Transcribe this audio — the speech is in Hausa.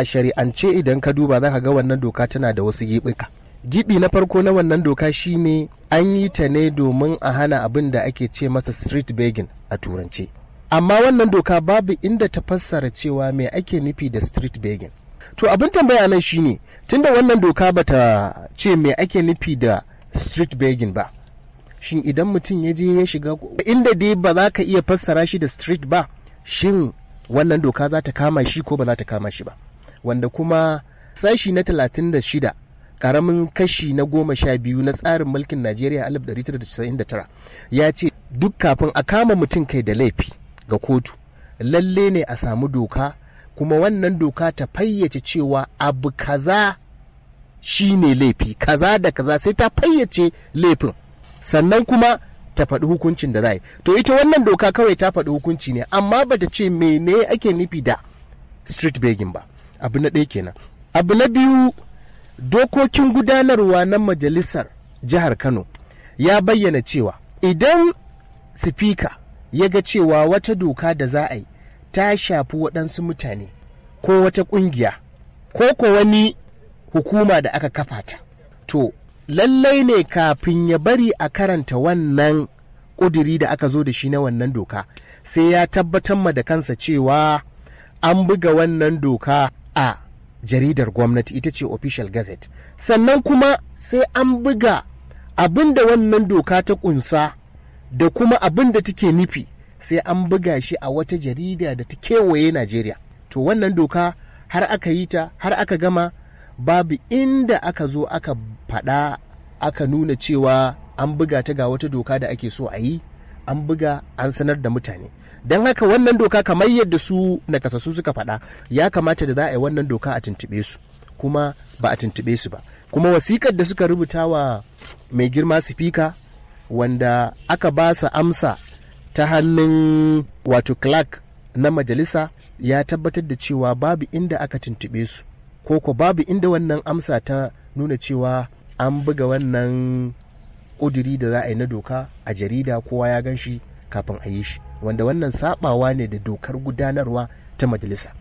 a shari'ance idan ka duba za ka ga wannan doka tana da wasu giɓuka giɓi na farko na wannan doka shine an yi ta ne domin a hana abin da ake ce masa street begging a turance amma wannan doka babu inda ta fassara cewa me ake nufi da street begging to abin tambaya nan shine tunda wannan doka bata ce me ake nufi da street begging ba shin idan mutum ya je ya shiga inda dai ba za ka iya fassara shi da street ba shin wannan doka za ta kama shi ko ba za ta kama shi ba wanda kuma sashi na 36 karamin kashi na goma sha biyu na tsarin mulkin najeriya 1999 ya ce duk kafin a kama mutum kai da laifi ga kotu lalle ne a samu doka kuma wannan doka ta fayyace cewa abu kaza shi ne laifi kaza da kaza sai ta fayyace laifin sannan kuma ta faɗi hukuncin da za yi to ita wannan doka kawai ta faɗi hukunci ne amma ba ta ce mene ake nufi da street begging ba abu na ɗaya kenan abu na biyu dokokin gudanarwa na majalisar jihar kano ya bayyana cewa idan sifika ya ga cewa wata doka da za a yi ta shafi waɗansu mutane ko wata ƙungiya ko ko wani hukuma da aka kafa ta to lallai ne kafin ya bari a karanta wannan ƙudiri da aka zo da shi na wannan doka sai ya tabbatar ma da kansa cewa an buga wannan doka a jaridar gwamnati ita ce official gazette sannan kuma sai an buga abin da wannan doka ta kunsa da kuma abin da take nufi sai an buga shi a wata jarida da ta kewaye najeriya to wannan doka har aka yi ta har aka gama babu inda aka zo aka faɗa aka nuna cewa an buga ta ga wata doka da ake so a yi an buga an sanar da mutane don haka wannan doka kamar yadda su nakasassu suka faɗa ya kamata da za a yi wannan doka a tuntuɓe su kuma ba a tuntuɓe su ba kuma wasikar da suka rubuta wa mai girma sifika wanda aka ba su amsa ta hannun wato clark na majalisa ya tabbatar da cewa babu inda aka tuntuɓe su ko ko babu inda wannan amsa ta nuna cewa an buga wannan ƙuduri da za a yi na doka a jarida kowa ya gan shi kafin a yi shi wanda wannan sabawa ne da dokar gudanarwa ta majalisa